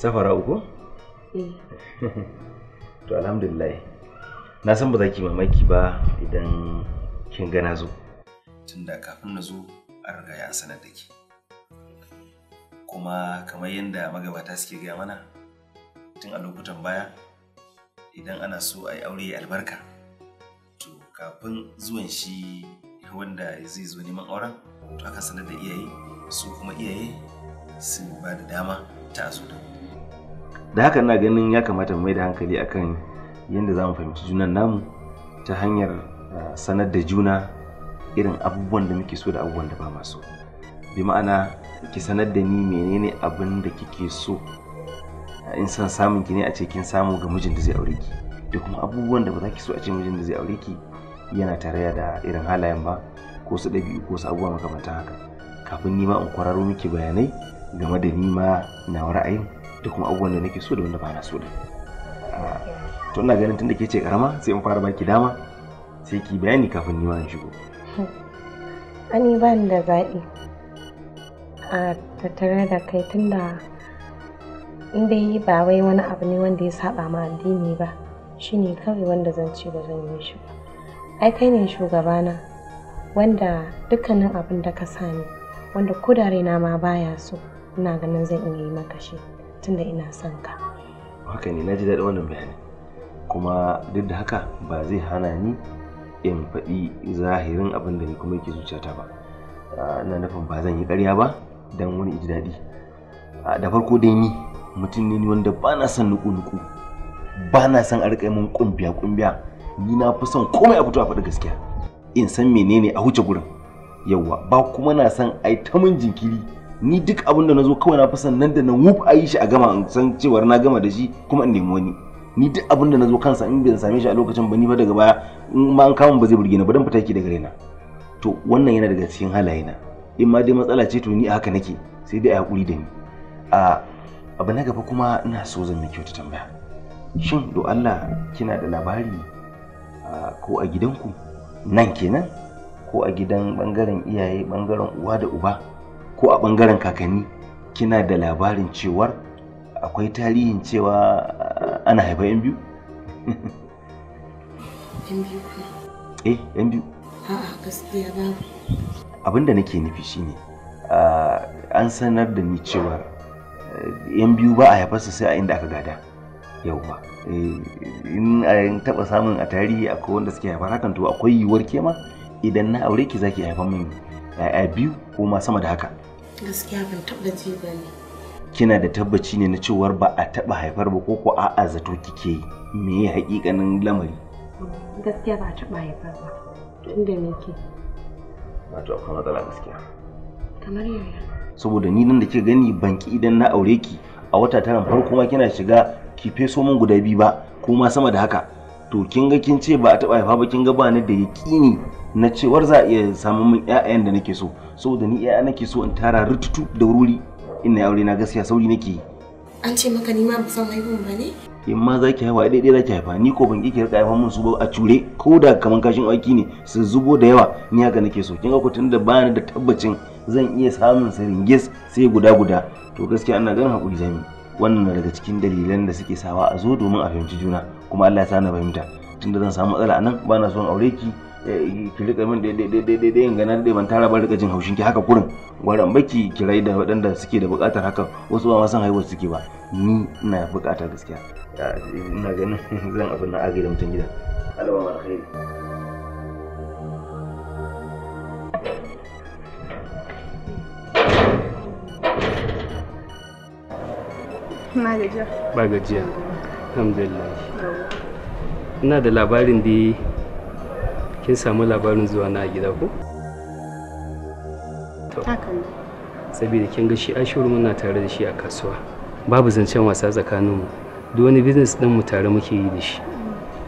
safara uku? Eh. to alhamdulillah na san ba za ki mamaki ba idan kin ga na zo tunda kafin na zo an riga ya sanar da ke kuma kamar yadda magabata suke gaya mana tun a lokutan baya idan ana so a yi aure albarka to kafin zuwan shi wanda zai zo neman auren to aka sanar da iyaye su kuma iyaye su ba da dama ta zo da da haka na ganin ya kamata mu mai da hankali akan yadda za mu fahimci junan namu ta hanyar eh, sanar da juna irin abubuwan da muke so da abubuwan da ba masu bi ma'ana ki sanar da ni menene abin da kike so in san samun ki ne a ce kin samu ga mijin da zai aure ki da kuma abubuwan da ba za ki so a ce mijin da zai aure ki yana tare da irin halayen ba ko su ɗabi'u ko su abubuwa makamantan haka kafin ni ma in kwararo miki bayanai game da ni ma na ra'ayin da kuma abubuwan da nake so da wanda ba na so da ah, to ina ganin tunda ke ce karama sai in fara baki dama sai ki bayani kafin ni ma in shigo ani ba ni da zaɓi a tattare da kai tunda inda dai ba wai wani abu ne wanda ya saba ma addini ba shine kawai wanda zan ce ba zan yi shi ba ai kai ne shugabana wanda dukkanin abin da ka sani wanda ko na ma baya so ina ganin zan iya yi maka shi tunda ina son ka haka ne na ji daɗin wannan bayani kuma duk da haka ba zai hana ni in faɗi zahirin abin da ni kuma yake zuciyata ba ah, ina nufin ba zan yi ƙarya ba don wani ji daɗi ah, da farko dai ni mutum ne wanda ba na son nuku-nuku ba na son a riƙa min ƙumbiya-ƙumbiya ni na fi son komai a fito a faɗi gaskiya in san menene a huce gurin yawwa ba kuma na son ai ta min jinkiri ni duk abin da na zo kawai na fi nan da nan wuf a shi a gama in san cewar na gama da shi kuma in nemi wani ni duk abin da na zo kansa in bai same shi a lokacin ba ni ba daga baya in ma an kama ba zai burge ni ba dan fita yake daga raina to wannan yana daga cikin halaye na in ma dai matsala ce to ni a haka nake sai dai a hakuri da ni a abu na gaba kuma ina so zan miki wata tambaya shin do Allah kina da labari ko a gidanku nan kenan ko a gidan bangaren iyaye bangaren uwa da uba ko a ɓangaren kakanni kina da labarin cewar akwai tarihin cewa ana haifa 'yan biyu? eh yan biyu a'a gaskiya ba. abin da nake nufi shine an sanar da ni cewa yan eh, biyu ba a su sai a inda aka gada yau ba. Eh, in a taba samun a tarihi akwai wanda suke haifa hakan to akwai yiwuwar kema idan na aure ki zaki haifa min ya'ya biyu ko ma sama da haka kina da tabbaci ne na cewar ba a taba haifar ba ko ko a'a zato kike yi me ya hakikanin lamari gaskiya ba a taba haifar ba inda wato akwai matsala gaskiya kamar yaya saboda ni nan da kika gani banki idan na aure ki a wata tara farko ma kina shiga ki feso min guda biyu ba ko ma sama da haka to kin ga kin ce ba a taɓa haifa ba kin ga ba ni da yaƙini na cewar za a iya samun min ƴaƴan da nake so saboda ni ƴaƴa nake so in tara rututu da wuri ina aure na gaskiya sauri nake an ce maka ni ma ba san haihu ba ne in ma za ki haifa daidai za ki haifa ni ko ban ki rika haifa min su ba a cure ko da kaman kashin aiki ne su zubo da yawa ni haka nake so kin ga ku tunda ba ni da tabbacin zan iya samun sa sai guda guda to gaskiya ana ganin hakuri zami wannan daga cikin dalilan da suke sawa a zo domin a fahimci juna kuma Allah ya sa na fahimta tunda zan samu matsala anan ba na son aure ki eh, ki rika min daidai in ganar da ban tara ba rika jin haushin ki haka kurin gwaran baki rai da waɗanda suke da buƙatar haka wasu ba ma san haihuwar suke ba ni ina buƙatar gaskiya ina ganin zan abin na agaye da mutum gida Allah ba mana khairi Na gajiya. Ba gajiya. alhamdulillah ina da labarin da kin samu labarin zuwa na gida ko? saboda kin ga shi ashiru muna tare da shi a kasuwa babu zancen wasa tsakaninmu duk wani business din mu tare muke yi da shi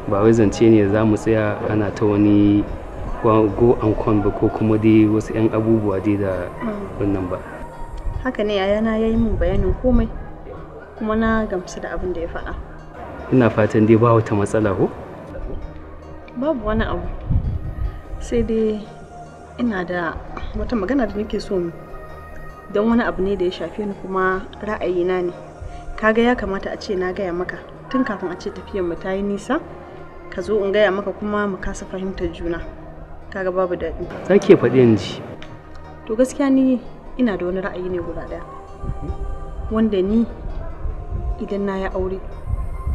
ba wai zance ne za mu tsaya ana ta wani go and con ba ko kuma dai wasu 'yan abubuwa dai da wannan ba haka ne yayana ya yi min bayanin komai kuma na gamsu da abin da ya faɗa ina fatan dai ba wata matsala ko babu wani abu sai dai ina da wata magana da nake so don wani abu ne da ya shafe ni kuma ra'ayina ne kaga ya kamata a ce na gaya maka tun kafin a ce tafiyar mu ta yi nisa ka zo in gaya maka kuma mu kasa fahimtar juna kaga babu daɗi za ke faɗi yanzu to gaskiya ni ina da wani ra'ayi ne guda ɗaya mhm. wanda ni idan na ya aure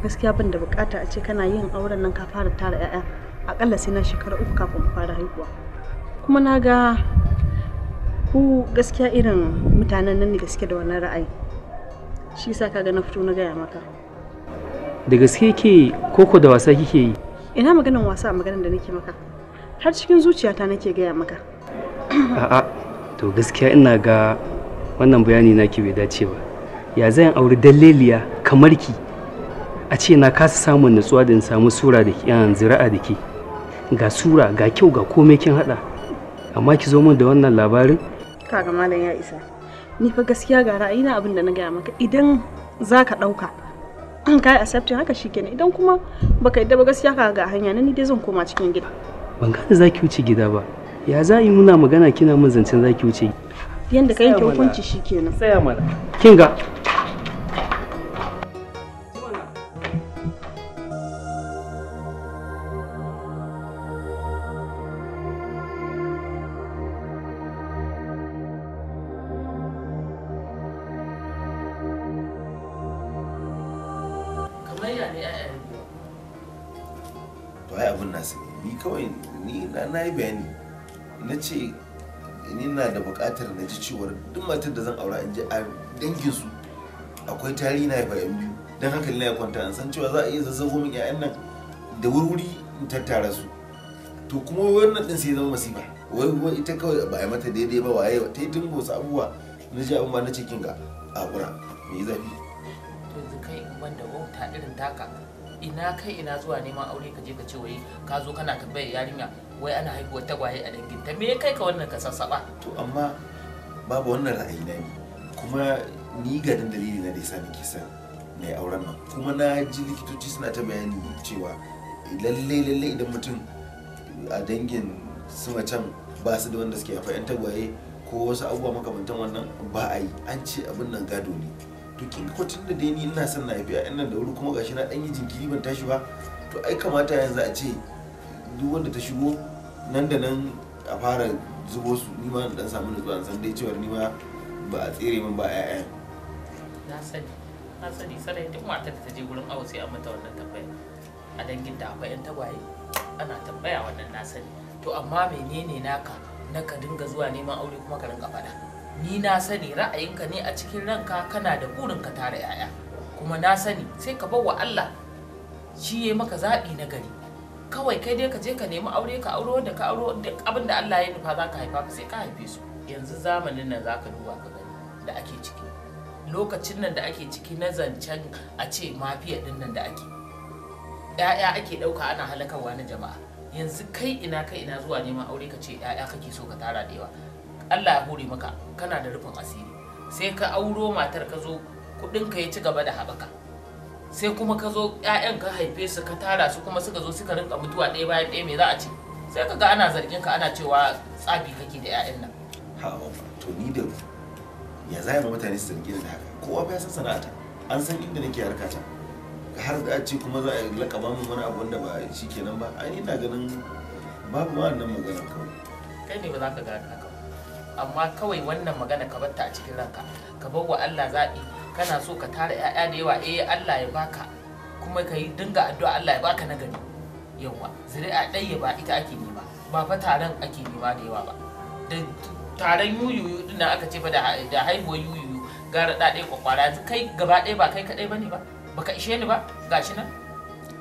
gaskiya ban da bukata a ce kana yin auren nan ka fara tara 'ya'ya akalla sai na shekara uku kafin fara haihuwa kuma na ga ku gaskiya irin mutanen nan ne da suke da wannan ra'ayi shi yasa ga na fito na gaya maka da gaske ke koko da wasa kike yi ina maganin wasa a da nake maka har cikin zuciyata nake gaya maka a'a to gaskiya ina ga wannan bayani naki bai dace ba ya zan auri dalleliya kamar ki a ce na kasa samun nutsuwa da in samu sura da ah, zira'a da ke ga sura ga kyau ga komai kin hada amma ki zo min da wannan labarin kaga malam ya isa ni fa gaskiya ga ra'ayi na abin da na gaya maka idan zaka dauka an kai accepting haka shikenan idan kuma baka yadda ba gaskiya ka ga hanya ni dai zan koma cikin gida ban gane zaki wuce gida ba ya za yi muna magana kina min zancen zaki wuce yanda ka yanke hukunci shikenan ya mana kin ga to ai abin nasu ne ni kawai ni na yi bayani na ce ni na da bukatar na ji cewar duk matar da zan aura in ji a dangin su akwai tarihi na haifa biyu don hankali na ya kwanta an san cewa za a iya zazzafo min 'ya'yan nan da wurwuri in tattara su to kuma wannan din sai zama masifa wai kuma ita kawai ba a mata daidai ba waye ta yi dingo su abubuwa na ji abin ba na cikin ga a kura mai zafi yanzu kai wanda wauta irin taka ina kai ina zuwa neman aure ka je ka ce wai ka zo kana tambayar yarinya wai ana haihuwar tagwaye a dangin ta me kai ka wannan ka sassaba to amma babu wannan ra'ayi na ni kuma ni ga dan dalili na da yasa nake son mai auren nan kuma na ji likitoci suna ta bayani cewa lalle lalle idan mutum a dangin su macen ba su da wanda suke haifa yan tagwaye ko wasu abubuwa makamantan wannan ba a yi an ce abin nan gado ne to kin kwatin da dai ni ina son na haifi a nan da wuri kuma gashi na dan yi jinkiri ban tashi ba to ai kamata yanzu a ce duk wanda ta shigo nan da nan a fara zubo su ni ma dan samu nutsuwa san dai cewa ni ma ba a tsere min ba a na sani na sani sarai duk matar da ta je gurin awo sai a mata wannan tambaya a dangin da akwai yan tagwaye ana tambaya wannan na sani to amma menene naka naka ka dinga zuwa neman aure kuma ka rinka faɗa ni na sani ra'ayinka ne a cikin ranka kana da burin ka tara yaya kuma na sani sai ka bawa Allah shi ya maka zaɓi na gari kawai kai dai ka je ka nemi aure ka auro da ka auro duk abin da Allah ya nufa za ka haifa ka sai ka haife su yanzu zamanin nan za duba ka gani da ake ciki lokacin nan da ake ciki na zancen a ce mafiya din nan da ake ya'ya ake ɗauka ana halakarwa na jama'a yanzu kai ina kai ina zuwa neman aure ka ce ya'ya kake so ka tara da yawa Allah ya hore maka kana da rufin asiri sai ka auro matar ka zo ka ya ci gaba da haɓaka sai kuma ka zo ƴaƴan ka haife su ka tara su kuma suka zo suka rinka mutuwa ɗaya bayan ɗaya me za a ce sai ka ga ana zargin ka ana cewa tsabi kake da ƴaƴan nan ha to ni da ya zai ma mutane su zargi da haka kowa ba ya san sana'ata an san inda nake harkata har da ce kuma za a lakaba min wani abu wanda ba shi kenan ba ai ina ganin babu ma wannan magana kawai kai ne ba za ka gane haka amma kawai wannan magana ka bata a cikin ranka ka bar wa Allah zaɓi kana so ka tara 'ya'ya da yawa eh Allah ya baka kuma ka yi dinga addu'a Allah ya baka nagari yawa zuri'a ɗaya ba ita ake nema ba fa taron ake nema da yawa ba da taron yuyuyu din aka ce fa da haihuwar yuyuyu gara da ɗaya kwakwara kai gaba ɗaya ba kai kaɗai bane ba baka ishe ni ba gashi nan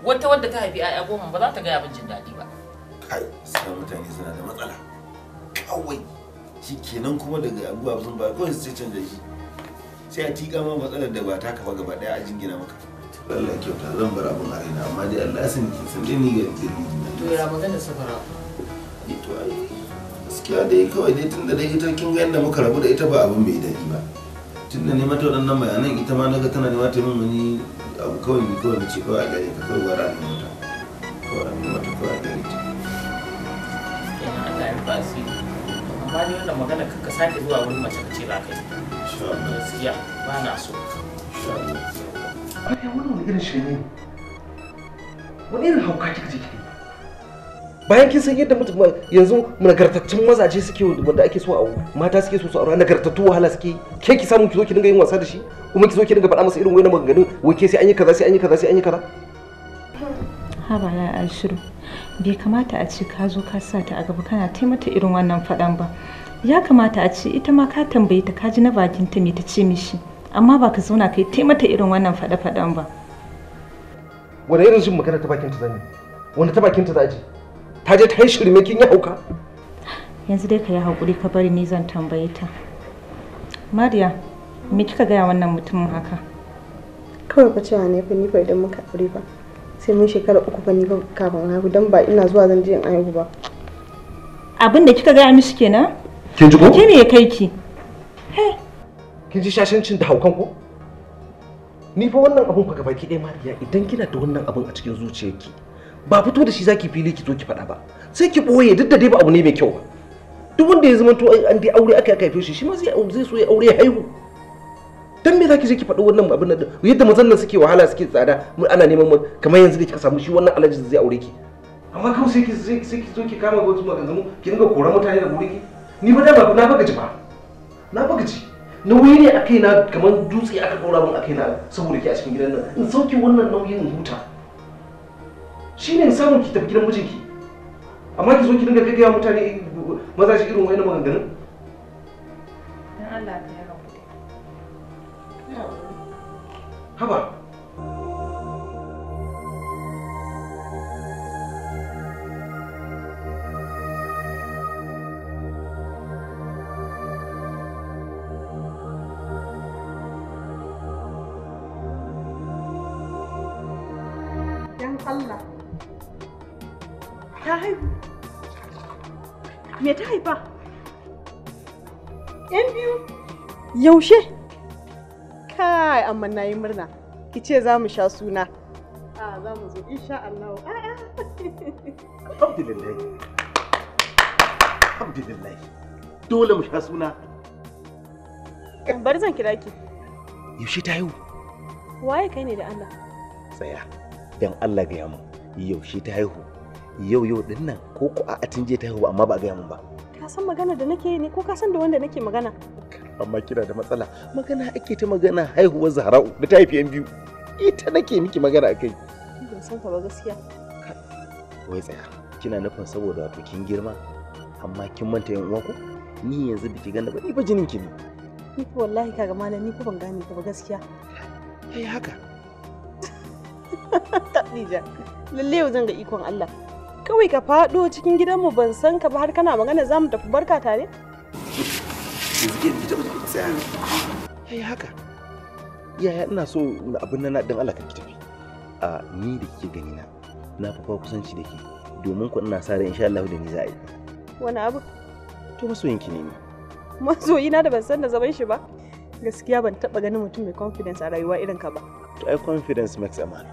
wata wadda ta haifi 'ya'ya goma ba za ta gaya min jin daɗi ba kai sai mutane suna da matsala kawai shi kenan kuma daga abubuwa sun ba kawai su canza shi sai a tika ma matsalar da ba ta kafa gaba daya a jingina maka Allah kyauta zan bar abin a raina amma dai Allah sun ki sun dai ni ga dalilin to ya magana safara eh to ai gaskiya dai kawai dai tunda dai ita kin ga yadda muka rabu da ita ba abin bai daɗi ba tunda ne mata waɗannan bayanan ita ma ga tana nema ta min wani abu kawai mai kawai na ce kawai a gare ka kawai gwara ne mata kawai a ne mata kawai a gare ta. Kenan Allah ya fasi. amma dai wannan magana kanka sake zuwa wurin mace ka ce ba kai gaskiya ba na so Ai wannan wani irin shirme wani irin hauka kika je kike bayan kin san yadda yanzu nagartattun mazaje suke wanda ake so a mata suke so su aure nagartattu wahala suke ke ki samu ki zo ki dinga yin wasa da shi kuma ki zo ki dinga faɗa masa irin wayannan maganganun wai ke sai an yi kaza sai an yi kaza sai an yi kaza haba ba na alshiru bai kamata a ce ka zo ka sa ta a gaba kana mata irin wannan faɗan ba ya kamata a ce ita ma ka tambaye ta ka ji na bakinta me ta ce mishi amma ba ka zauna kai mata irin wannan fada-fadan ba wanda irin jin magana ta bakin ta yi wanda ta bakinta za ji ta je ta yi mai kin yi hauka yanzu dai ka yi haƙuri ka bari ni zan tambaye ta mariya me kika gaya wannan mutumin haka kawai ba cewa ne fa ni bai don muka aure ba sai mun shekara uku ba ni kafin haihu don ba ina zuwa zan je in haihu ba abin da kika gaya mishi kenan kin ji ko ke ne kai ki kin ji shashancin da haukan ko ni fa wannan abun gaba ki dai mariya idan kina da wannan abun a cikin zuciyarki ba fito da shi zaki fili ki zo ki faɗa ba sai ki boye duk da dai ba abu ne mai kyau ba duk wanda ya zama to an dai aure aka yi shi shi ma zai so ya aure ya haihu dan me zaki je ki faɗi wannan abin nan yadda mazan nan suke wahala suke tsada ana neman mu kamar yanzu da kika samu shi wannan alaji zai aure ki amma kawai sai ki sai ki zo ki kama wasu maganganu ki dinga koran mutane da gure ki ni ba da ba na bagaji ba na bagaji wuri ne a kaina kamar dutse aka ɗora min a kaina saboda ki a cikin gidan nan in sauke wannan nauyin in huta shi ne samu ki tafi gidan mijinki amma ki zo ki dinga gaggaya mutane maza shi irin wani maganganun dan Allah ka haba Allah ta haihu me ta haifa 'yan biyu yaushe kai amma na yi murna ki ce za mu sha suna a za mu zo insha Allah Abdullahi, alhamdulillah dole mu sha suna bari zan kira ki yaushe ta haihu waye kai ne da Allah tsaya dan Allah ga mu yaushe ta haihu yau yau din nan ko ko a atin ta haihu amma ba ga mu ba ka san magana da nake ne ko ka san da wanda nake magana amma kina da matsala magana ake ta magana haihuwar zahra'u da ta haifi yan biyu ita nake miki magana akai ban san ka ba gaskiya wai tsaya kina nufin saboda wato kin girma amma kin manta yan uwa ko ni yanzu biki gane ba ni ba jinin ki ne ni ko wallahi kaga malam ni ko ban gane ka ba gaskiya kai haka Khadija lalle yau zan ga ikon Allah kawai ka faɗo cikin gidanmu ban san ka ba har kana magana za mu tafi barka tare sai yayi haka yaya ina so abin nan dan Allah ki tafi a ni da ke gani na na fa kusanci da ke domin ku ina sa ran insha Allah da ni za a yi wani abu to ki ne ni masoyina da ban san da zaman shi ba gaskiya ban taba ganin mutum mai confidence a rayuwa irin ka ba to ai confidence makes a man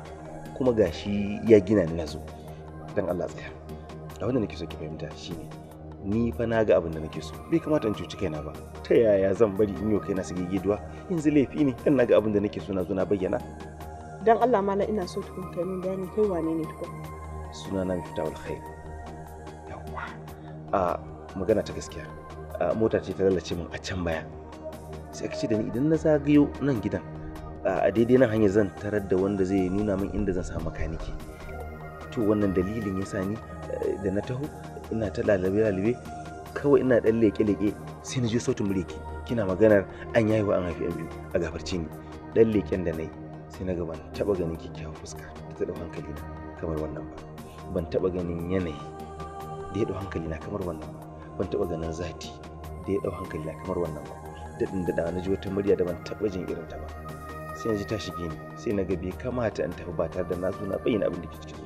kuma gashi ya gina ni nazo dan Allah tsaya abin da nake so ki fahimta shine ni fa na ga abin da nake so bai kamata in cuci kaina ba ta yaya zan bari in yi kaina su duwa yanzu laifi ne dan na ga abin da nake so na zo na bayyana dan Allah mala ina so tukun kai min bayani kai wane ne tukun suna na mifta wal khair yawa a magana ta gaskiya mota ce ta lalace min a can baya sai ka ce da ni idan na zagayo nan gidan a daidai nan hanyar zan tarar da wanda zai nuna min inda zan samu makaniki to wannan dalilin ya sani eh, da na taho ina ta lalabe lalabe kawai ina dan leke leke sai na je sautin mureki kina maganar an yayi wa an haifi an biyu a gafarci ni dan leken da nayi sai na ga ban taba ganin kyakkyawar fuska ta dau hankali na kamar wannan ba ban taba ganin yanayi da ya dau hankali na kamar wannan ba ban taba ganin zati da ya dau hankali na kamar wannan ba Da ɗin da na ji wata murya da ban taɓa jin irin ta ba sai na ji ta shige ni sai na ga bai kamata in tafi ba tare da na zo na bayyana abin da ke cikin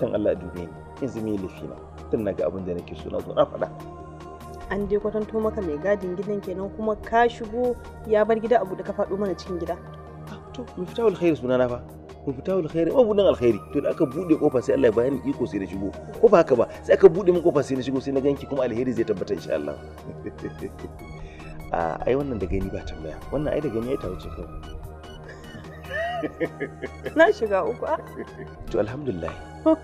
dan Allah dube ni izumi na tun na ga abin da nake so na zo na faɗa an dai kwatanto maka mai gadin gidan kenan kuma ka shigo ya bar gida abu da ka faɗo mana cikin gida to mu fita wal khair sunana fa mu fita wal khair ma budan alkhairi to da aka bude kofa sai Allah ya bayani iko sai na shigo ko ba haka ba sai aka bude min kofa sai na shigo sai na ganki kuma alheri zai tabbata insha Allah a ah, ai wannan da gani ba tambaya wannan ai da gani ya tawo ce kawai na shiga uku ah. to alhamdulillah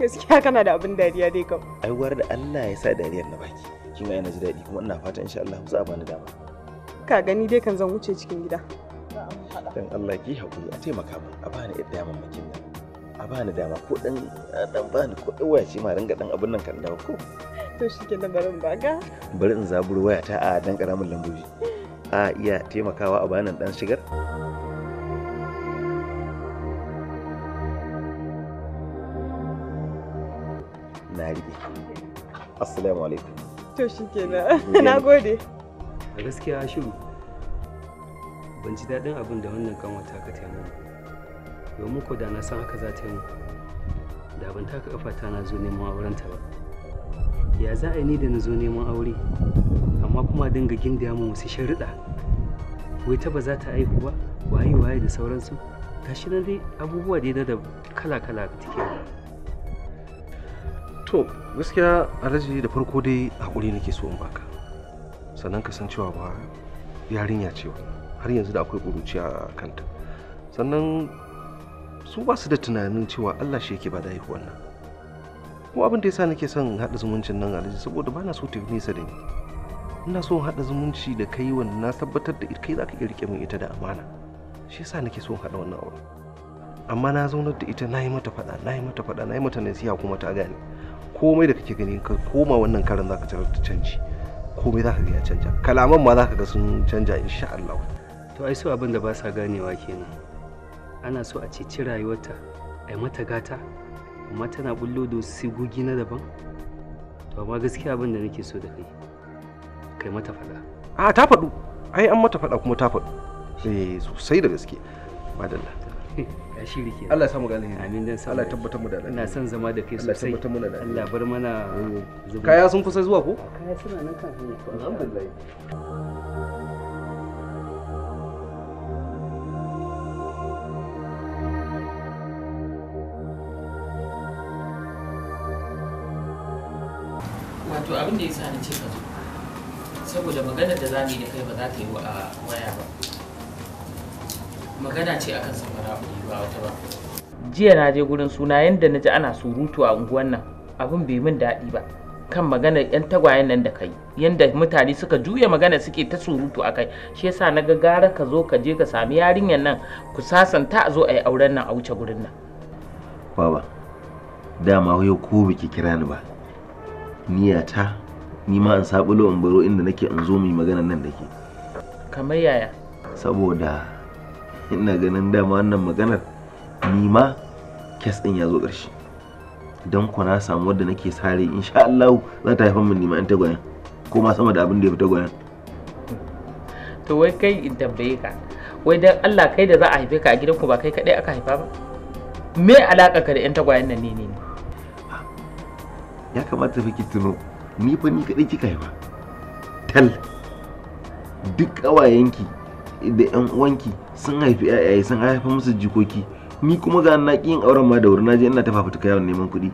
gaskiya kana da abin dariya dai kam ai war da Allah ya sa dariyar na baki kin ga ina ji daɗi kuma ina fata insha Allah za a bani dama ka gani dai kan zan wuce cikin gida dan Allah ki hakuri a taimaka min a bani yadda ya mamakin nan a bani dama ko dan dan bani ko dan waya ce ma ringa dan abin nan kan dawo ko to ke na barin baga bari in zaburo wayata a dan karamin lambobi a iya taimakawa a bani dan shigar assalamu alaikum to shikenan na a gaskiya shiru ban ji daɗin abin da wannan kanwata ka taimu mun domin ko da na san haka za ta yi da ban taka kafa ta na zo neman aurenta ba ya za a yi ni da na zo neman aure amma kuma dinga gindaya mu wasu sharuɗa wai ta ba za ta aihu ba waye waye da sauransu gashi nan dai abubuwa dai da kala kala take to gaskiya alhaji da farko dai hakuri nake so in baka sannan ka san cewa ba yarinya ce har yanzu da akwai kuruci a kanta sannan su ba su da tunanin cewa allah shi yake ba da haihuwan nan kuma abin da yasa nake son haɗa zumuncin nan alhaji saboda ba na so ta nisa da ni ina so haɗa zumunci da kai wanda na tabbatar da kai za ka riƙe min ita da amana shi yasa nake so haɗa wannan aure amma na zaunar da ita na yi mata faɗa na yi mata faɗa na yi mata nasiha kuma ta gane komai da kake gani ka koma wannan karin zaka tarar ta canji komai zaka ga ya canja kalaman ma zaka ga sun canja insha Allah to ai so abin da ba sa ganewa kenan ana so a ci rayuwarta ai mata gata amma tana bullo da sigogi na daban to amma gaskiya abin da nake so da kai kai mata faɗa a ta faɗu ai an mata faɗa kuma ta faɗu eh sosai da gaske madalla Kashiri ke. Allah samu gane hiri. Amin dan Allah tabbatar mu da lafiya. Ina son zama da kai sosai. Allah tabbatar mu da lafiya. Allah bar mana eh. Kaya sun kusa zuwa ko? Kaya suna nan kan hanya. Alhamdulillah. Wato abin da yasa sa ni ce ka zo. Saboda maganar da za mu yi da kai ba za ta yi wa waya ba. magana ce akan samara ba wata ba jiya na je gurin suna yadda na ji ana surutu a unguwan nan abin bai min daɗi ba kan magana yan tagwayen nan da kai yadda mutane suka juya magana suke ta surutu a kai shi yasa na ga gara ka zo ka je ka sami yarinyar nan ku sasanta a zo a yi auren nan a wuce gurin nan baba dama yau ko biki kira ni ba niyata ni ma an sabulo in baro inda nake in zo mu yi magana nan da ke kamar yaya saboda ina ganin dama wannan maganar ni ma kes ya zo ƙarshe don ku na samu wadda nake sare insha Allah za ta haifar min nima in tagwayen ko ma sama da abin da ya fi tagwayen to wai kai in tambaye ka wai dan Allah kai da za a haife ka a gidanku ba kai kadai aka haifa ba me alaka ka da yan tagwayen nan ne ne ya kamata fa ki tuno ni fa ni kadai kika haifa tal duk ƙawayenki da yan uwanki sun haifi yayaye sun haifa musu jikoki ni kuma ga na yin auren ma da wuri naje ina ta fafutuka yawan neman kuɗi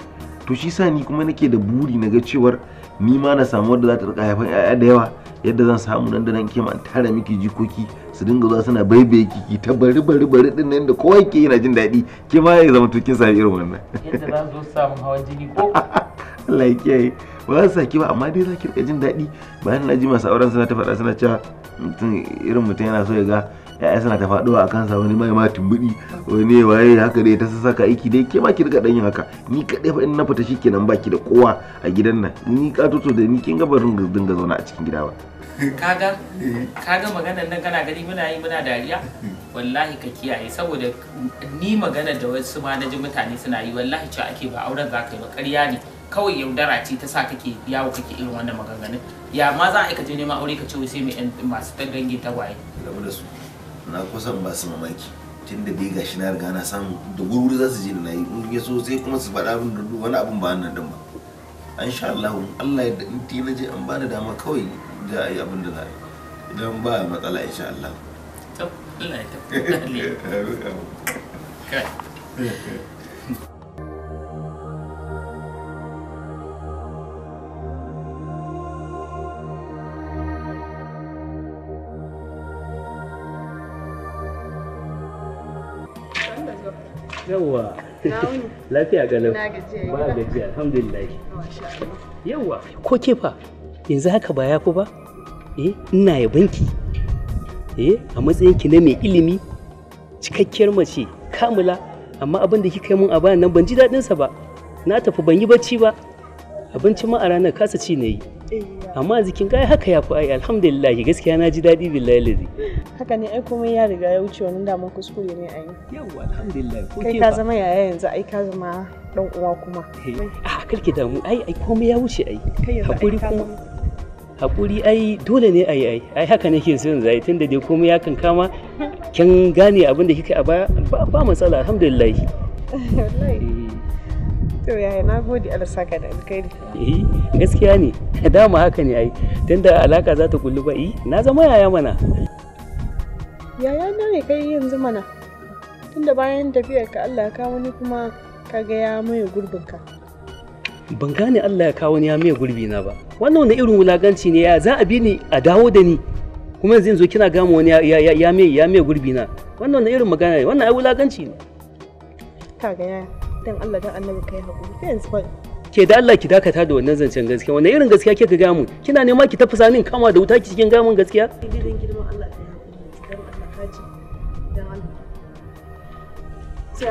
to shi sa ni kuma nake da buri na ga cewar ni ma na samu wanda za ta rika haifan yaya da yawa yadda zan samu nan da nan ke ma tara miki jikoki su dinga zuwa suna baibaye kiki ta bari bari bari din nan da kowa yake yana jin daɗi ke ma ya zama tukin sa irin wannan yadda za zo samu hawan jini ko Allah ya kiyaye ba za su saki ba amma dai za ki rika jin daɗi bayan na ji masu auren suna ta faɗa suna cewa mutum irin mutum yana so ya ga ya'ya suna ta faɗo a kansa wani mai ma tumbuɗi wani waye haka dai ta saka aiki dai ke ma ki riga dan haka ni fa in na fita kenan baki da kowa a gidan nan ni katoto da ni kin ga barin dinga zauna a cikin gida ba kaga eh. kaga maganar nan kana gani muna yi muna dariya wallahi ka kiyaye saboda ni magana da wasu ma na ji mutane suna yi wallahi cewa ake ba auren za ka yi ba ƙarya ne kawai yaudara ce ta sa kake yawo kake irin wannan maganganun ya ma za a aikace neman aure ka ce wai sai masu ta dangi ta waye rabu da su na kusan ba su mamaki tun da biyu gashi na riga na samu da wuri za su je da yi. in ya so sai kuma su faɗa min wani abin ba wannan din ba sha Allah Allah ya in ti na je an bani dama kawai da ayi abin da za a yi idan ba matsala sha Allah Allah ya tabbata Yawwa. Lafiya galau. Ba gajiya alhamdulillah. Ko ke fa yanzu haka ba ya ku ba? Eh ina yabanki. Eh a matsayin ki na mai ilimi cikakkiyar mace kamula amma abin da kika kai mun a bayan nan ban ji daɗinsa ba. Na tafi ban yi bacci ba. Abinci ma a ranar kasa ci na yi. amma jikin kai haka ya fi ai alhamdulillah gaskiya na ji daɗi billahi lazi haka ne ai komai ya riga ya wuce wannan damar kuskure ne ai yawa alhamdulillah ko kai ka zama yaya yanzu ai ka zama dan uwa kuma eh, a karki damu ai ai komai ya wuce ai hakuri kuma hakuri ai dole ne ai ai ai haka nake so yanzu tun tunda dai komai ya kan kama kin gane abin da kika a baya ba matsala alhamdulillah wallahi eh, to yaya na gode alasaka da alkhairi eh gaskiya ne dama haka ne ai tunda alaka za ta kullu ba eh, na zama yaya mana yaya na ne kai yanzu mana tunda bayan tafiyar ka Allah ya kawo ni kuma ga ya maye gurbin ka ban gane Allah ya kawo ni ya maye gurbi na ba wannan wani irin wulaganci ne ya za a bi ni a dawo da ni kuma yanzu yanzu kina gama wani ya maye gurbi na wannan wani irin magana ne wannan ai wulaganci ne kaga yaya dan Allah dan annabi kai hakuri kai yanzu ke da Allah ki dakata da wannan zancen gaskiya wannan irin gaskiya kika ga mu kina nema ki tafi sanin kama da wuta ki cikin gamin gaskiya gidan girman Allah kai hakuri dan Allah ka dan Allah sai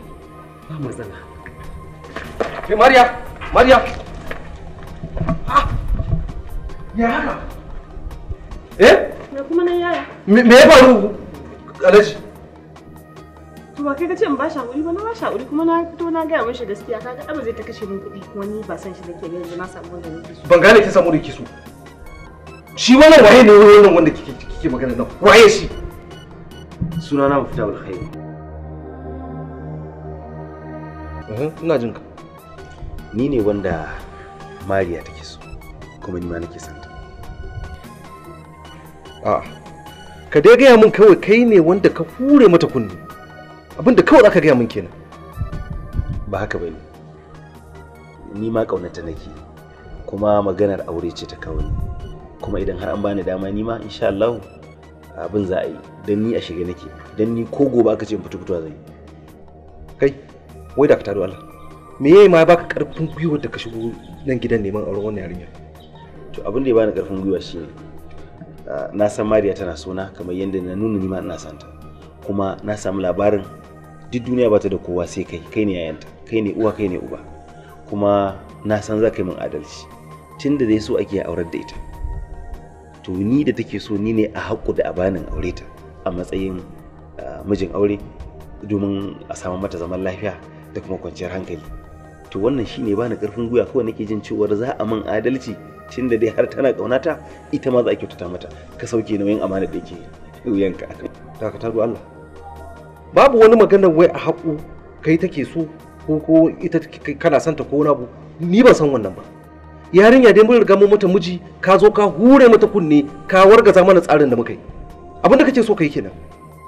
an ba matsala ke Maria Maria ah ya eh me kuma nan yaya me ya faru Alhaji kuma kai ka ce in ba wuri ba na ba wuri kuma na fito na gaya mishi gaskiya kaga abu zai ta kashe min kuɗi wani ba san shi nake ba yanzu na samu wanda nake so ban gane ki samu rike kike so shi wannan waye ne wannan wanda kike kike magana nan waye shi na mafita wal eh ina jin ka ni ne wanda mariya take so kuma ni ma nake son ta a ka dai gaya min kawai kai ne wanda ka hure mata kunni abinda kawai zaka gaya min kenan ba haka ba ne ni ma kaunata nake kuma maganar aure ce ta kawai kuma idan har an bani dama ni ma insha Allah abin za a yi don ni a shige nake don ni ko gobe aka ce in fito fitowa zai kai wai da ka taro Allah me yayi ma baka karfin gwiwa da ka shigo nan gidan neman auren wannan yarinya to abin da ya bani karfin gwiwa shine ah, na san Mariya tana sona kamar yadda na nuna ni ma ina santa kuma na samu labarin duk duniya bata da kowa sai kai kai ne yayanta kai ne uwa kai ne uba kuma na san za ka yi min adalci tun da dai so ake aurar da ita to ni da take so ni ne a haƙu da abanin aure ta a matsayin mijin aure domin a samu mata zaman lafiya da kuma kwanciyar hankali to wannan shine bani karfin gwiwa kawai nake jin cewa za a min adalci tun da dai har tana ƙaunata ita ma za a kyautata mata ka sauke nauyin amana da yake wuyanka ta ka Allah babu wani maganar wai a haƙo kai take so ko ko ita kana son ta ko wani abu ni ban san wannan ba yarinya dai mun riga mun mata miji ka zo ka hure mata kunne ka wargaza mana tsarin da muka yi abin da kake so kai kenan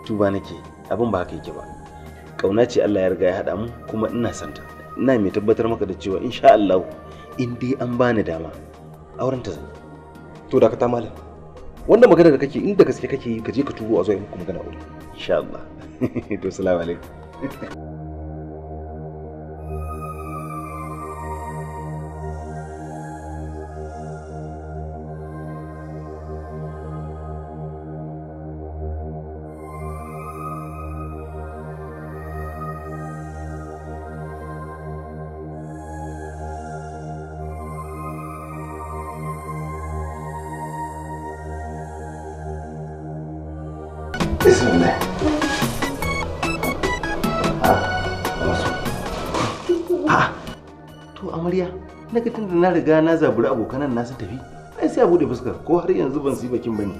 tuba nake abin ba haka yake ba kauna ce Allah ya riga ya haɗa mu kuma ina son ta ina mai tabbatar maka da cewa insha Allah in dai an bani dama auren ta zan to da ka ta malam wannan magana da kake inda gaske kake yi ka je ka tubo a zo yi muku magana aure insha Allah to la alaikum amarya lokacin da na riga na zaburi abokanan na su tafi ai sai a bude fuskar ko har yanzu ban su bakin bane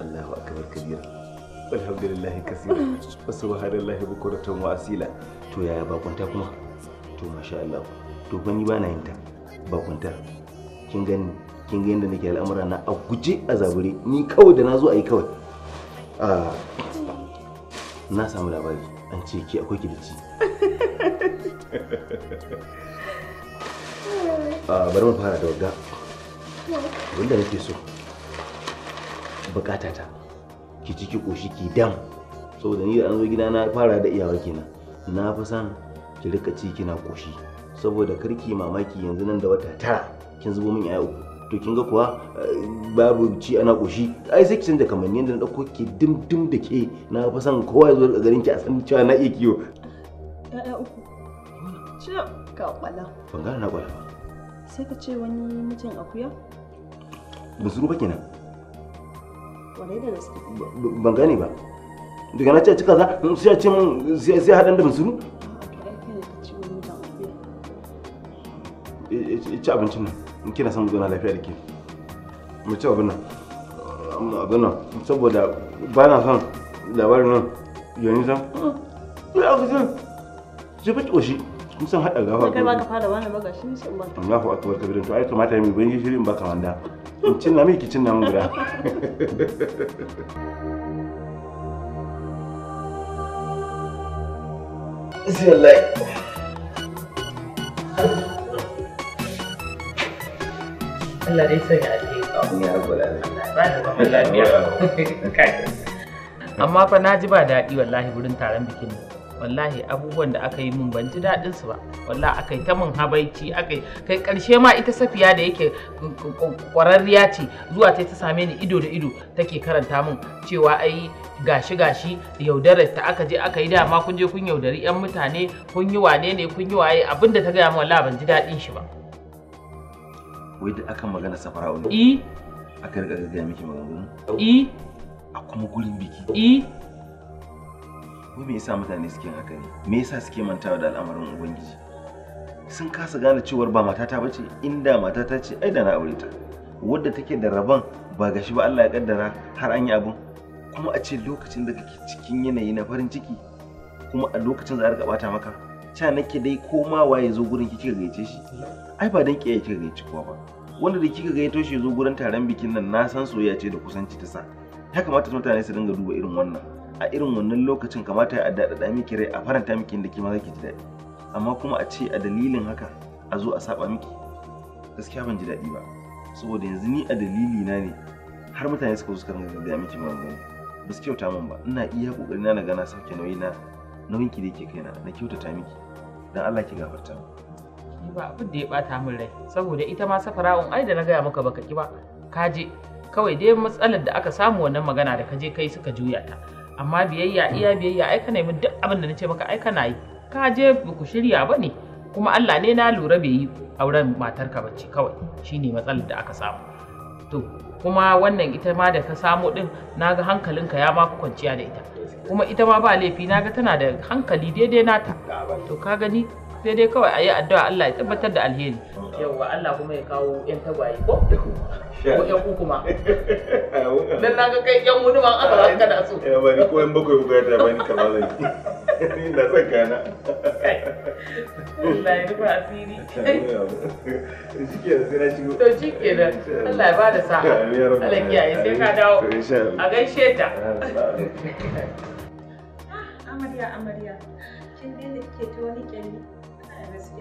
Allahu akbar kabira alhamdulillah kaseer wa subhanallahi bukuratan wa asila to yaya bakunta kuma to masha Allah to ban yi bana yin ta bakunta kin gani kin ga yadda nake al'amura na a guje a zaburi ni kawai da na zo a yi kawai ah, na samu labari an ce ki akwai kilici Ah, bari mu fara da wagga wanda nake so bukata ta ki ciki koshi ki dam saboda ni da an zo gida na fara da iyawa kenan na fi san ki rika ci kina koshi saboda karki mamaki yanzu nan da wata tara kin zubo min yaya uku to kin ga kuwa eh, babu ci ana koshi ai sai ki canza kamar yadda na dauko ki dim dim da ke na fi san kowa ya zo daga garin ki a san cewa na iya kiwo yaya uku Ga ƙwala. Ban gane na ƙwala ba. Sai ka ce wani mijin akuya? ba kenan. Wane da gaske? Ban gane ba. Daga na ce cika za, sai ce mun sai haɗan da e, e, e, abincin nan, in kina son zauna lafiya da ke. Mu ci abin nan. Abin nan, saboda ba na son labarin nan yanzu. Ya mm. zai fi ƙoshi. duk sun haɗa gawa kai ba ka fara wani ba gashi sai ba Allahu akbar kabirin to ai kamata mu ban yi shirin baka wanda in cinna mai ki cinna guda Bismillah. Allah dai sanya ya Amma fa na ji ba daɗi wallahi wurin taron bikin wallahi abubuwan da aka yi min ban ji daɗin su ba wallahi aka yi ta min habaici aka yi kai ƙarshe ma ita safiya da yake ƙwararriya ce zuwa ta ta same ni ido da ido take karanta min cewa ai gashi gashi yaudarar ta aka je aka yi dama kun je kun yaudari yan mutane kun yi wane ne kun yi waye abinda ta gaya min wallahi ban ji daɗin shi ba wai da aka magana safara'u Eh. aka riga gaggaya miki maganganu Eh. a kuma gurin biki Eh. ko me yasa mutane suke haka ne me yasa suke mantawa da al'amarin ubangiji sun kasa gane cewar ba matata bace inda matata ce ai da na aure ta wadda take da rabon ba gashi ba Allah ya kaddara har an yi abin kuma a ce lokacin da kake cikin yanayi na farin ciki kuma a lokacin za a rika bata maka ca nake dai koma waye zo gurin kika gaice shi ai ba dan kiyaye kika gaice kowa ba wanda da kika gaito shi zo gurin taron bikin nan na san soyayya ce da kusanci ta sa ya kamata mutane su dinga duba irin wannan a irin wannan lokacin kamata ya daɗaɗa miki rai a faranta miki inda kima zaki ji daɗi amma kuma a ce a dalilin haka a zo a saba miki gaskiya ban ji daɗi ba saboda yanzu ni a dalili na ne har mutane suka zo suka rinka gaya miki maganganu ba su kyauta min ba ina iya kokari na gana sauke nauyi na nauyin ki da yake kaina na kyautata miki dan Allah ki gafarta min ba abin da ya bata min rai saboda ita ma safara'un ai da na gaya maka baka ki ba ka je kawai dai matsalar da aka samu wannan magana da ka je kai suka juya ta amma biyayya iya biyayya ai kana yi duk abin da na ce maka ai kana yi ka je ku shirya ba ne kuma Allah ne na lura bai yi auren matarka bace kawai shine matsalar da aka samu to kuma wannan ita ma da ka samo din naga hankalinka ya ma kwanciya da ita kuma ita ma ba laifi naga tana da hankali daidai nata to ka gani daidai dai kawai ayi addu'a Allah ya tabbatar da alheri yawwa Allah kuma ya kawo yan tagwaye ko ko yan uku ma dan naga kai yan wani ma aka baka da su eh bani ko yan bakwai buga ta bani kaza zai ni son san kana Allah ya rufa asiri shike sai na shigo to shike da Allah ya bada sa Allah ya kiyaye sai ka dawo a gaishe ta ah, amarya amarya kin da kike ta wani kyalli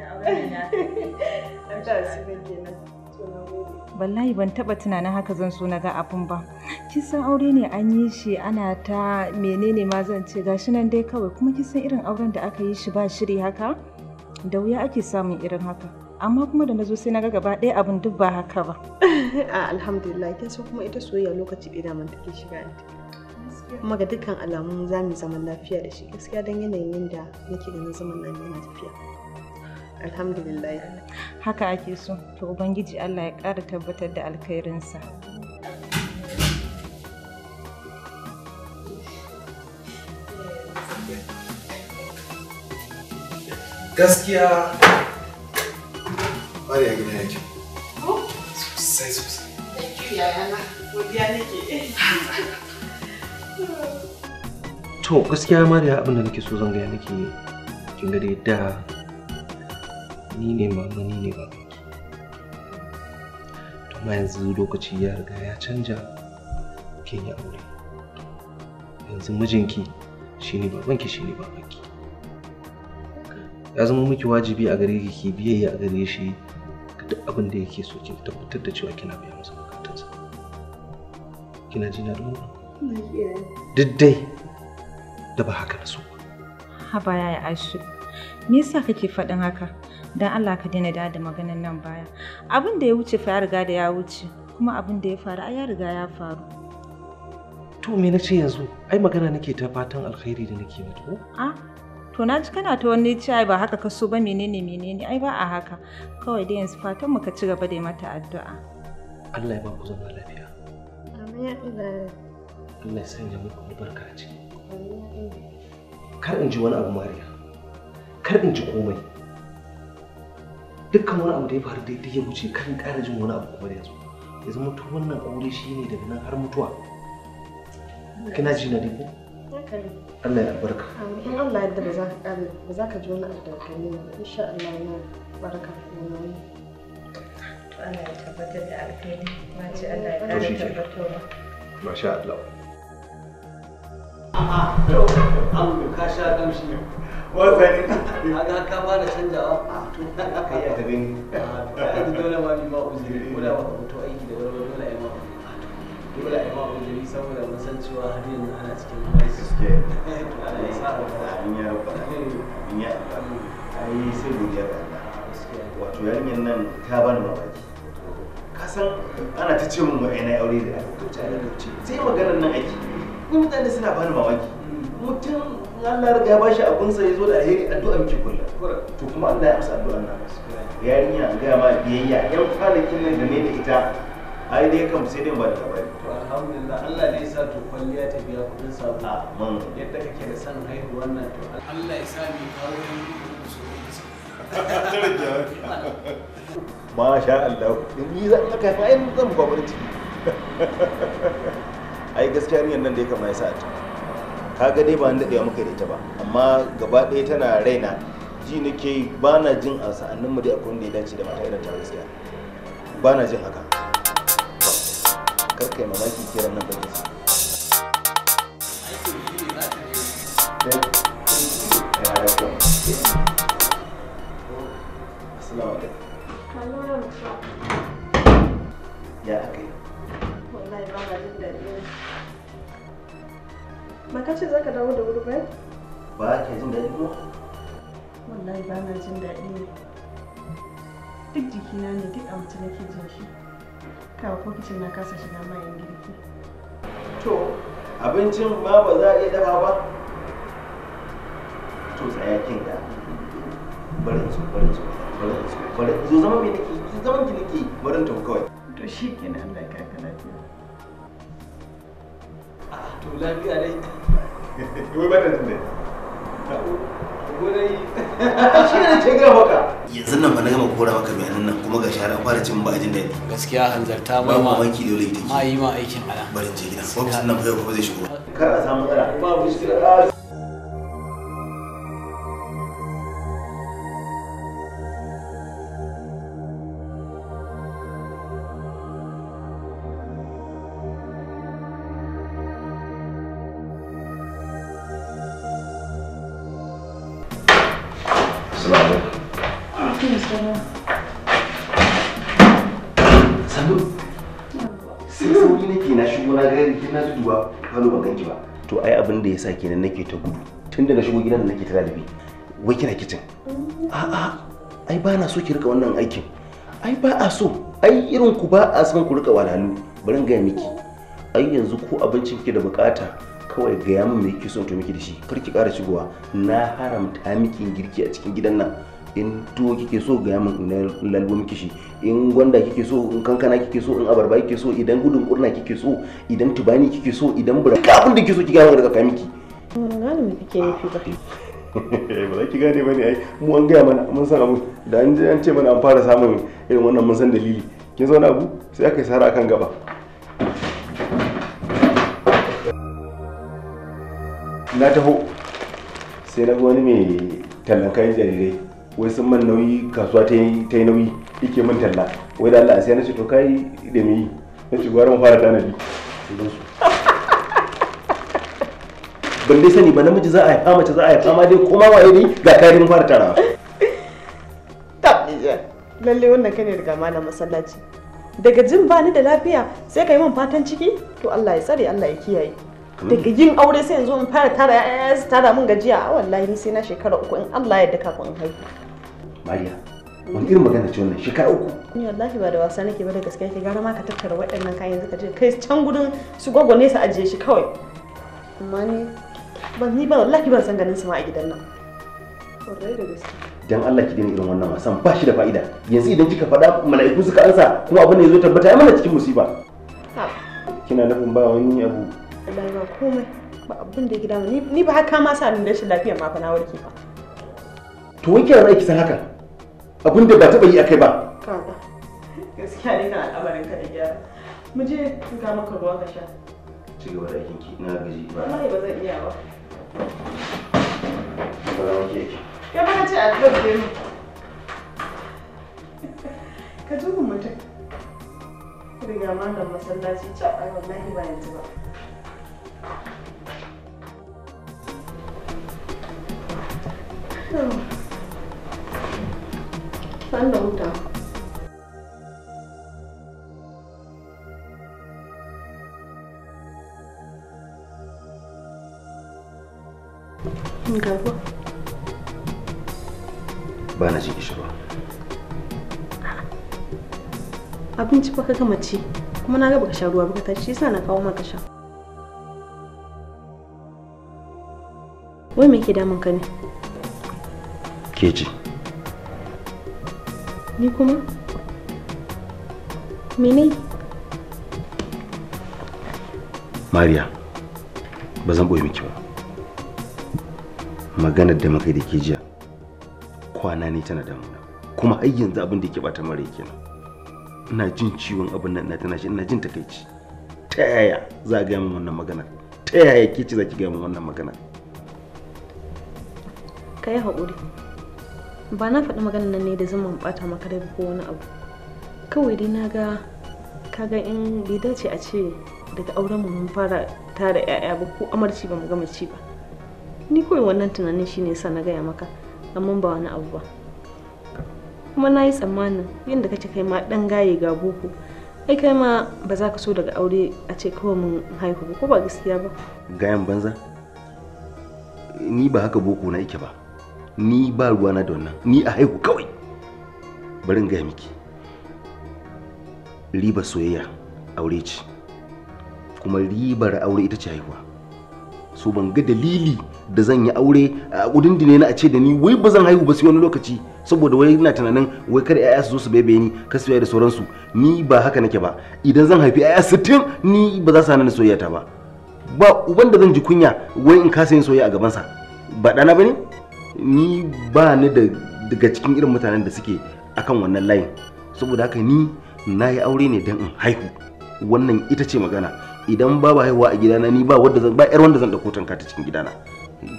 wallahi ban taba tunanin haka zan so na ga abun ba kin san aure ne an yi shi ana ta menene ma zan ce gashi nan dai kawai kuma kin san irin auren da aka yi shi ba shiri haka da wuya ake samun irin haka amma kuma da nazo sai ga gaba ɗaya abin duk ba haka ba a ah, alhamdulillah kin san kuma ita soyayya lokaci ɗaya da man take shiga kuma ga dukkan alamun za mu zaman lafiya da shi gaskiya don yanayin yadda nake ganin zaman nan yana tafiya alhamdulillah haka ake so to ubangiji allah ya ƙara tabbatar da alkhairinsa gaskiya bari a gina yake sosai sosai to gaskiya mariya abin da nake so zan gaya nake kin ga da ni ne mama ni ne to ma yanzu lokaci ya riga ya canja ke yi aure yanzu mijinki shine babanki shine babanki ya zama miki wajibi a gare ki ki biyayya a gare shi duk abin da yake so ki tabbatar da cewa kina biya masa bukatunsa kina ji na don duk dai da ba haka na so ba haba yi ashi me yasa kake faɗin haka don Allah ka daina da da maganan nan baya abin da ya wuce fa ya riga da ya wuce kuma abin da ya faru ai ya riga ya faru to me na ce yanzu ai magana nake ta fatan alkhairi da nake mata a to na ji kana ta wani ce ai ba haka ka so ba menene menene ai ba a haka kawai dai yanzu fatan mu ka ci gaba da yi mata addu'a Allah ya ba ku zama lafiya amin Allah ya sanya muku albarka a ciki kar in ji wani abu mariya kar in ji komai dukkan wani abu da ya faru daidai ya wuce kan ƙara jin wani abu kuma da yanzu ya zama to wannan aure shi ne daga nan har mutuwa kina ji na dai ko Allah ya albarka in Allah yadda ba za ka ƙare ba za ka ji wani abu daga gare ba insha Allah ya baraka Allah ya tabbatar da alheri ma ce Allah ya ƙara tabbatarwa masha Allah amma ka sha ne wasani kaga ka fara canjawa kai ya tabi a dole ma bi ma uzuri ko da baka fito aiki da wani dole ai ma dole ai ma uzuri saboda mun san cewa har yanzu ana cikin crisis ke Allah ya sa amin ya rabba amin ya a yi sai godiya ga wato yarinyar nan ta bani mamaki ka san ana ta ce mun wa'ai ina aure da ta ce sai maganar nan aiki ni mutane suna bani mamaki mm. mutum in Allah riga ya bashi sa da alheri addu'a miki to kuma Allah ya amsa addu'an nan yarinya gaya ma biyayya yan kwanakin nan da ne da ita ai dai kam sai dai ba Allah ne ya sa to kwalliya ta biya kudin yadda kake da san haihuwar nan to Allah ya sa ni kawo Allah, in yi zan aka gaskiya ne nan da ya kamata ya sa a kaga dai ba ni daɗewa muka da ita ba amma gaba ɗaya tana raina ji nake ba na jin a sa'annin mu dai akwai wanda ya dace da mata irin ta gaskiya ba na jin haka karkai mamaki kiran nan bakin Thank you. ka ce za ka dawo da wuri bai? Ba ke jin daɗi ko? Wallahi ba na jin daɗi ne. Duk jikina ne duk a mutu nake jin shi. Kawo ko kicin na kasa shiga mayan girki. To, abincin ma ba za a iya dafa ba? To tsaya kin da. Barin su, barin su, barin su, barin su. zama mai nake, zo zaman ki nake, barin ta kawai. To shi kenan Allah ya kaka lafiya. Ah, to lafiya dai. yanzu nan ba na gama kora maka bayanan nan kuma ga shahara fara cin ba jin daɗi gaskiya hanzarta ba ma banki da yau ma yi ma aikin ala barin je gida ofis nan ba zai shigo kar a samu matsala ba mu yasa kenan nake ta gudu tunda na shigo gidan nake ta dalibi wai kina kicin a'a ai ba na so ki rika wannan aikin ai ba a so ai irin ku ba a son ku rika walalu bari gaya miki ai yanzu ko abincin ki da bukata kawai gaya min me kike son to miki da shi kar ki ƙara shigowa na haramta miki girki a cikin gidan nan in tuwo kike so ga yamin in lalbo miki shi in gwanda kike so in kankana kike so in abarba kike so idan gudun kurna kike so idan tubani kike so idan bura ka abin da kike so ki gaya daga kai miki gane me kike nufi ba ba za ki gane ba ne ai mu an gaya mana mun san abu da an je an ce mana an fara samun irin wannan mun san dalili kin zo na abu sai aka yi sara akan gaba na taho sai na ga wani mai tallan kayan jarirai wai sun man nauyi kasuwa ta yi nauyi yake min talla wai da Allah a sai na ce to kai da me yi na ce gwara mu fara tanadi ban dai sani ba namiji za a haifa mace za a haifa ma dai koma waye dai ga karin fara tarawa lalle wannan kai ne daga malam masallaci daga jin bani da lafiya sai ka yi min fatan ciki to Allah ya tsare Allah ya kiyaye daga yin aure sai yanzu in fara tara yaya su tara mun gajiya a wallahi ni sai na shekara uku in Allah ya yarda kafin in haihu Mariya wani irin magana ce wannan shekara uku ni wallahi ba da wasa nake ba da gaskiya ke gara ma ka tattara waɗannan kayan yanzu ka kai can gudun su gwagwa su ajiye shi kawai amma ni ban ni ba wallahi ban san ganin su ma a gidan nan kwarai da gaskiya dan Allah ki daina irin wannan wasan ba shi da fa'ida yanzu idan kika faɗa mala'iku suka ansa kuma abin da ya zo tabbata ya mana cikin musiba kina nufin ba wani abu wallahi ba komai ba ni ba haka ma sa ni rashin lafiya ma fa na warke ba to wai kira san haka abin da ba taba yi akai ba gaskiya ne na al'amarin ka da gyara mu je ga maka ruwa ka sha ci gaba da aikin na gaji ba wallahi ba zan iya ba ya ba ce a ka mutum riga ma masallaci Sen de huta. Gaba. Ba na ciki shi ba. Abinci ba ka gama ci, kuma na ga baka sha ruwa ba ka tashi, yasa na kawo maka sha. Wai me ke damun ka ne? ke ce ni kuma mene mariya ba zan boye miki ba maganar da muka da ke jiya kwana ne tana damuna kuma har yanzu abin da yake bata mara kenan ina jin ciwon abin nan ina tana shi ina jin takaici ta yaya za a gaya min wannan magana ta yaya ke za ki gaya min wannan magana ba na faɗi maganan nan ne da zaman bata maka da ko wani abu kawai dai na ga kaga in bai dace a ce daga auren mu mun fara tara 'ya'ya ba ko amarci ba mu gama ci ba ni kawai wannan tunanin shine sa na gaya maka amma ba wani abu ba kuma na yi tsammanin yadda kace kai ma ɗan gaye ga boko ai kai ma ba za ka so daga aure a ce kawai mun haihu ba ko ba gaskiya ba gayan banza ni ba haka boko na ike ba ni ba na da wannan ni a haihu kawai bari in gaya miki riba soyayya aure ce kuma ribar aure ita ce haihuwa so ban ga dalili da zan yi aure a kudin dine na a ce da ni wai ba zan haihu ba sai wani lokaci saboda wai ina tunanin wai kada yaya su zo su bebe ni kasuwa da sauransu ni ba haka nake ba idan zan haifi yaya sittin ni ba za su hana ni soyayya ta ba ba uban da zan ji kunya wai in kasa yin soyayya a gabansa ba dana bane ni ba ni daga cikin irin mutanen da suke akan wannan layin saboda haka ni na yi aure ne don in haihu wannan ita ce magana idan ba ba haihuwa a gidana ni ba wanda zan ba yar wanda zan dauko tanka ta cikin gidana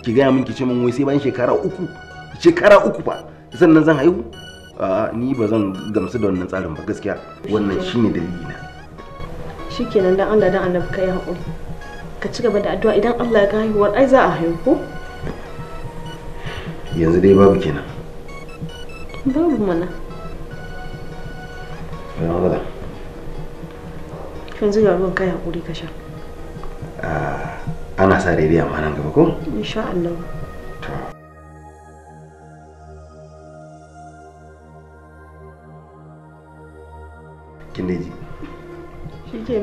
ki gaya min ki ce min wai sai bayan shekara uku shekara uku fa sannan zan haihu a ni ba zan gamsu da wannan tsarin ba gaskiya wannan shine dalili na shikenan dan Allah dan Allah ka yi haƙuri ka ci gaba da addu'a idan Allah ya ga haihuwar ai za a haihu ko yanzu dai babu kenan babu mana wani matsala yanzu ga ruwan kai hakuri ka sha ah, ana sa daidai amma nan gaba ko insha Allah kin ji shikenan